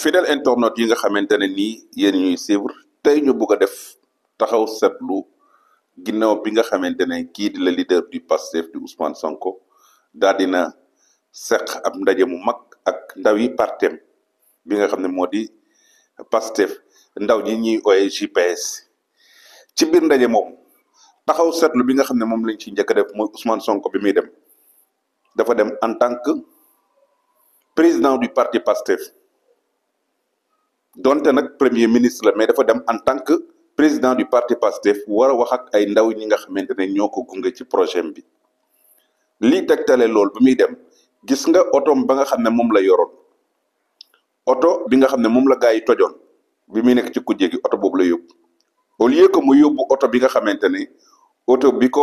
fidèle internaute yi nga xamante ne nii yéen ñuy suivre tey ñu bugg a def taxaw seetlu ginnaaw bi nga xamante ne kii di la leader du Pastef di Ousmane Sonko daal dina seq ab ndaje mu mag ak ndaw yi partem bi nga xam ne moo di Pastef ndaw ñi ñuy ooye GPS ci biir ndaje moom taxaw seetlu bi nga xam ne moom lañ ci njëkk a def mooy Ousmane Sonko bi muy dem dafa dem en tant que président du parti Pastef donte nag premier ministre la mais dafa dem en tant que président du parti Pastef war a ak ay ndaw ñi nga xamante ne ñoo ko gunge ci projet bi lii tegtale lool bi muy dem gis nga otoom ba nga xam ne moom la yoroon oto bi nga xam ne moom la gaa yi tojoon bi muy nekk ci kujje gi oto boobu la yóbbu au lieu que mu yóbbu oto bi nga xamante ne oto bi ko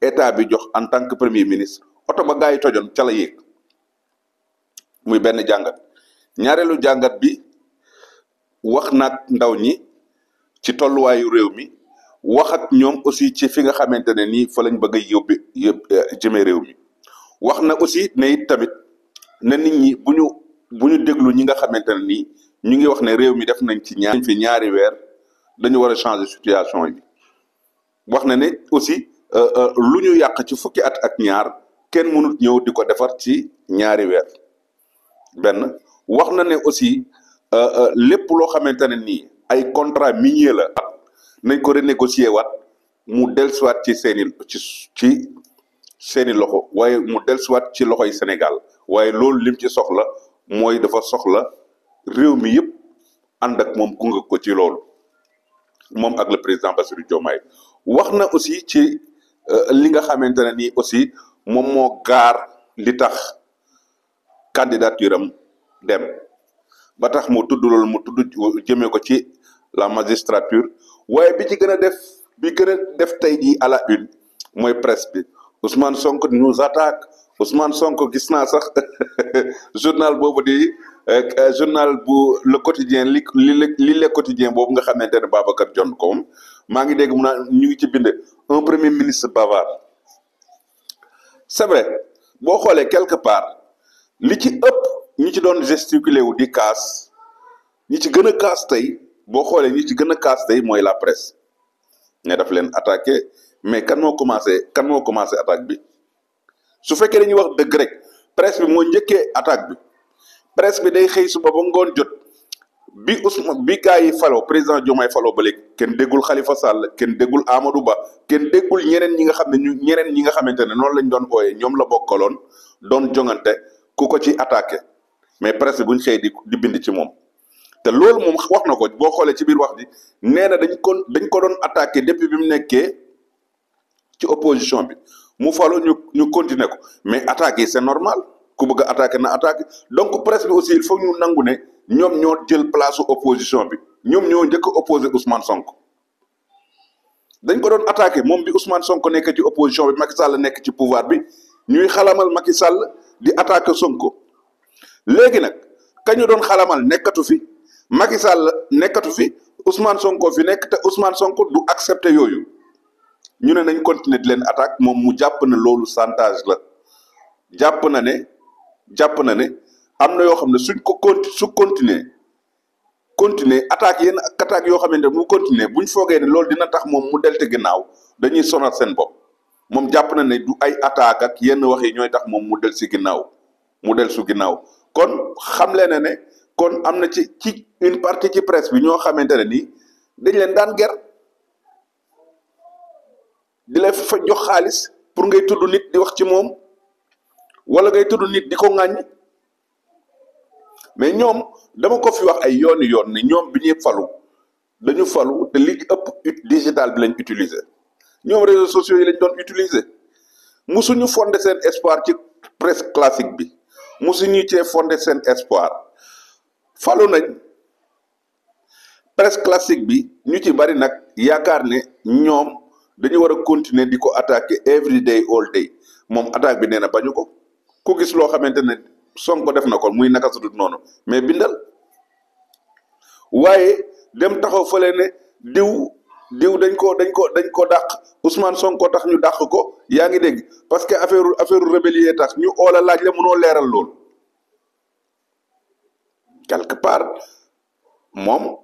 état bi jox en tant que premier ministre oto ba gaa yi tojoon ca la muy benn jàngat. ñaareelu jàngat bi wax naag ndaw ñi ci tolluwaayu réew mi wax ñoom aussi ci fi nga xamante ne nii fa lañ bëgg yóbbi yëpp eh, jëmee réew mi wax na aussi ne tamit ne nit ñi bu ñu bu ñu déglu ñi nga xamante ne nii ñu ngi wax ne réew mi def nañ ci ñaar fi ñaari weer dañu war a changer situation yi wax na ne aussi euh, euh, lu ñu yàq ci fukki at ak ñaar kenn mënut ñëw di ko defar ci ñaari weer benn wax na ne aussi euh, euh, lépp loo xamante ne nii ay contrat minier la nañ ko renégocier waat mu dellusiwaat ci seen i ci seeni loxo waaye mu dellusiwaat ci loxoy Sénégal waaye loolu lim ci soxla mooy dafa soxla réew mi yëpp ànd ak moom gunge ko ci lool moom ak le président Bassirou Diomaye wax na aussi ci euh, li nga xamante ne nii aussi moom moo gaar li tax candidature am dem ba tax mu tudd loolu mu tudd jëmee ko ci la magistrature waaye bi ci gën a def bi gën def tey jii à la une mooy presse bi sonk Sonko nous attaque Ousmane Sonko gis naa sax journal boobu di euh, journal bu le quotidien li li li le quotidien boobu nga xamante ne Babacar John koom maa ngi dégg mu naan ci bind un premier ministre bavard c'est boo xoolee quelque part li ci ëpp. ñi ci doon gesticuler wu di kaas ñi ci gën a kaas tey boo xoolee ñi ci gën a kaas tey mooy la presse ne daf leen attaqué mais kan moo commencé kan moo commencé attaque bi su fekkee dañuy wax dëgg rek presse bi moo njëkkee attaque bi presse bi day xëy suba ba ngoon jot bi Ousmane bi gars yi falo président Diomaye falo ba léegi kenn déggul xalifa Sall kenn déggul Amadou Ba kenn déggul ñeneen ñi nga xam ne ñu ñeneen ñi nga xamante ne noonu lañ doon ooyee ñoom la bokkaloon doon jongante ku ko ci attaqué. mais presse bi buñ xëy di bind ci moom te loolu moom wax na ko boo xoolee ci biir wax ji nee na dañ ko dañ ko doon attaqué depuis bi mu nekkee ci opposition bi mu faloo ñu ñu continuer ko mais attaques yi normal ku bëgg attaqué na attaqué donc presse bi aussi il faut nangu ne ñoom ñoo jël place opposition bi ñoom ñoo njëkk a opposé Ousmane Sonko dañ ko doon attaqué moom bi Ousmane Sonko nekk ci opposition bi Macky Sall nekk ci pouvoir bi ñuy xalamal Macky Sall di attaqué Sonko. léegi nag kañu doon xalamal nekkatu fi Macky Sall nekkatu fi Ousmane Sonko fi nekk te Ousmane Sonko du accepter yooyu ñu ne nañ continuer di leen attaque moom mu jàpp na loolu chantage la jàpp na ne jàpp na ne am na yoo xam ne suñ ko conti su continuer continuer attaque yenn ak attaque yoo xamante ne mu continuer buñ foogee ne loolu dina tax moom mu te ginnaaw dañuy sonal seen bopp moom jàpp na ne du ay attaque yenn wax yi ñooy tax moom mu del si ginnaaw mu del su ginnaaw kon xam leen ne ne kon am na ci ci une partie ci presse bi ñoo xamante ne nii dañ leen daan ger di la fa jox xaalis pour ngay tuddu nit di wax ci moom wala ngay tuddu nit di ko ŋàññ mais ñoom dama ko fi wax ay yooni yoon ne ñoom bi ñuy falu dañu falu te li ëpp digital bi lañ utiliser ñoom réseaux sociaux yi lañ doon utiliser musuñu fonder seen espoir ci presque classique bi musuñu cee fondé seen espoir falu nañ presque classique bi ñu ci bari nag yaakaar ne ñoom dañu war a continuer di ko attaquer every day all day moom attaque bi nee na bañu ko ku gis loo xamante ne Sonko def na ko muy naka sudut noonu mais bindal waaye dem taxaw fële ne diw diw dañ ko dañ ko dañ ko dàq Ousmane Sonko tax ñu dàq ko yaa ngi dégg parce que affaire affaire rébellion tax ñu oola laaj la mënoo leeral loolu quelque part moom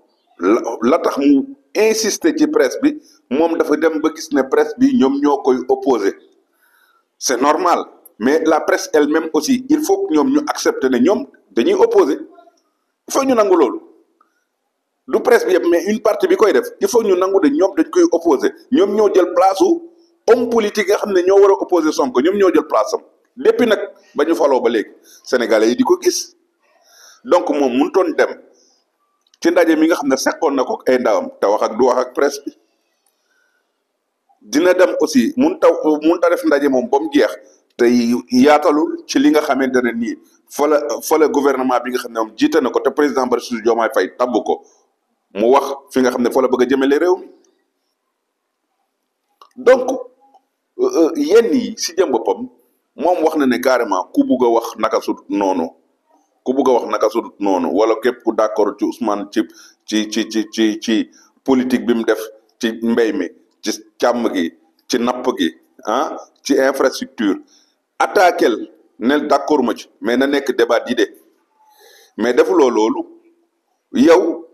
la tax mu insister ci presse bi moom dafa dem ba gis ne press bi ñoom ñoo koy opposé c'est normal mais la presse elle-même aussi il faut ñoom ñu accepter ne ñoom dañuy opposé il faut ñu nangu loolu du presse bi yëpp mais une partie bi koy def il faut ñu nangu de ñoom dañ koy opposé ñoom ñoo jël place homme politique nga xam ne ñoo war a opposé ñoom ñoo jël place am depuis nag ba ñu faloo ba léegi sénégalais yi di ko gis donc moom mënutoon dem ci ndaje mi nga xam ne seqoon na ko ay ndawam te wax ak du wax ak presse bi dina dem aussi mun taw mun ta def ndaje moom ba mu jeex te yaatalu ci li nga xamante ne nii fa la gouvernement bi nga xam ne moom jiite na ko te président Bassirou Diomaye Faye tabb ko mu wax fi nga xam ne fa la bëgg a jëmale réew mi donc. Euh, euh, yenn yi si jëm boppam moom wax na ne carrément ku bugg a wax naka sudut noonu ku bugg wax naka sudut noonu wala képp ku d'accord ci Ousmane ci ci ci ci ci ci politique bi mu def ci mbéy mi ci càmm gi ci napp gi ah ci infrastructure attaquel ne d'accord ma ci mais na nekk débat d'idées mais defuloo loolu yow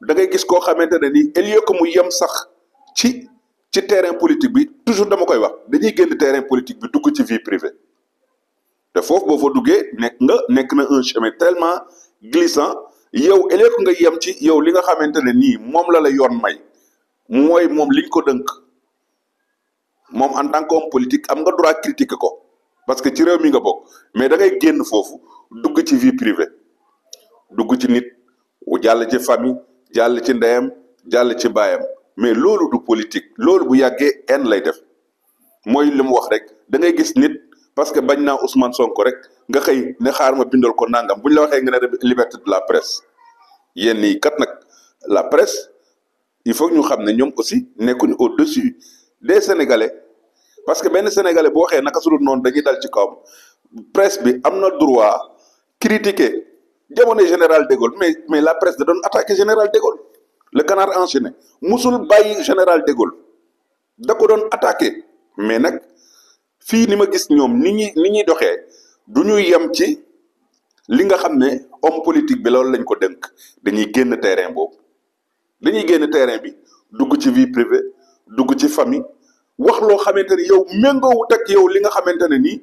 da ngay gis koo xamante ne ni au lieu que mu yem sax ci ci terrain politique bi toujours dama koy wax dañuy génn terrain politique bi dugg ci vie privée te foofu boo fa duggee nekk nga nekk na un chemin tellement glissant yow élève nga yem ci yow li nga xamante ne nii moom la la yoon may mooy moom liñ ko dënk moom en tant qu'homme politique am nga droit critiquer ko parce que ci réew mi nga bokk mais dangay génn foofu dugg ci vie privée dugg ci nit jàll ci famille jàll ci ndeyam jàll ci baayam mais loolu du politique loolu bu yàggee en lay def mooy li mu wax rek da ngay gis nit parce que bañ naa Ousmane sonk rek nga xëy ne xaar ma bindal ko nangam bu la waxee nga ne liberté de la presse yéen nii kat nag la presse il faut ñu xam ne ñoom aussi nekkuñu au-dessus des sénégalais parce que benn sénégalais bu waxee naka su dul noonu dañuy dal ci kawam presse bi am na droit critiquer jamono général de Gaulle mais mais la presse da doon attaquer général de le canard enchaîné musul bàyyi général de Gaulle da ko doon attaque mais nag fii ni ma gis ñoom ni ñuy ni ñuy doxee du ñuy yem ci li nga xam ne homme politique bi loolu lañ ko dënk dañuy génn terrain boobu dañuy génn terrain bi dugg ci vie privée dugg ci famille wax loo xamante ni yow méngoowut ak yow li nga xamante ne nii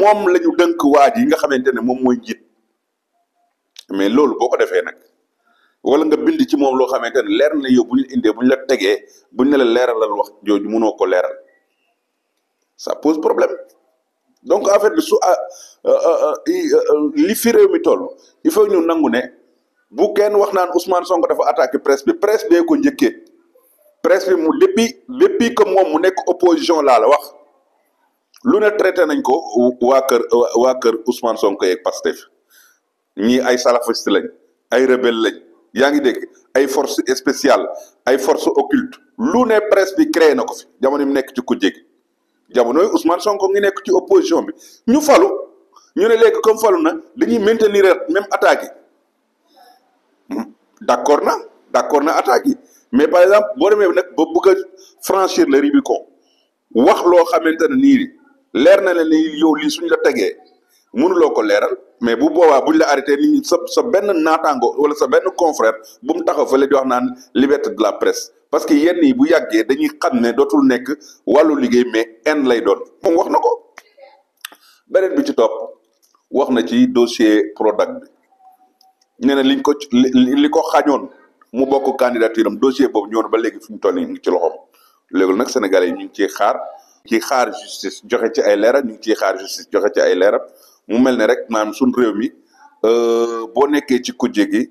moom lañu dënk waa ji yi nga xamante ne moom mooy njiit mais loolu boo ko defee nag wala nga bind ci moom loo xamante ne leer na yow bu ñu indee bu ñu la tegee bu ñu la leeralal wax jooju mënoo ko leeral ça pose problème donc en fait su ah, euh, euh, euh, li fi réew mi toll il faut ñu nangu ne bu kenn wax naan Ousmane Sonko dafa attaqué presse bi presse bee ko njëkkee presse bi mu depuis depuis que moom mu nekk opposition laa la wax lu ne traité nañ ko waa kër waa kër Ousmane Sonko yeeg Pastef ñii ay salafiste lañ ay rebelle lañ. yaa ngi dégg ay force espéciale ay force occulte lu ne presse bi créé na ko fi jamono yi nekk ci ko kujje gi jamonoy Ousmane Sonko ngi nekk ci opposition bi ñu falu ñu ne lekk comme falu na dañuy maintenir même attaque yi hmm, d' accord na d' accord na attaque yi mais par exemple boo demee nag ba bëgg a franchir le Rubicon wax loo xamante ne nii leer na la ni yow lii suñu la tegee. mënuloo ko leeral mais bu boobaa buñ la arrêté nit ñi sa benn naataango wala sa benn confrère bu mu taxaw fële di wax naan liberté de la presse parce que yenn yi bu yàggee dañuy xam ne dootul nekk wàllu liggéey mais en lay doon moom na ko beneen bi ci topp wax na ci dossier Prodac bi nee liñ ko li ko xañoon mu bokk candidature am dossier boobu ñëwoon ba léegi fi mu toll nii ngi ci loxoom léegi nag sénégalais yi ñu ngi ciy xaar ci xaar justice joxe ci ay leeral ñu ngi ciy xaar justice joxe ci ay leeral mu mel ne rek maanaam suñ réew mi euh, boo nekkee ci kujje gi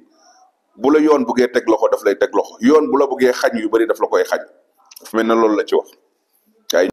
bu la yoon buggee teg loxo daf lay tegloxo loxo yoon bu la buggee xañ yu bëri daf la koy xañ dafa mel ne loolu la ci wax.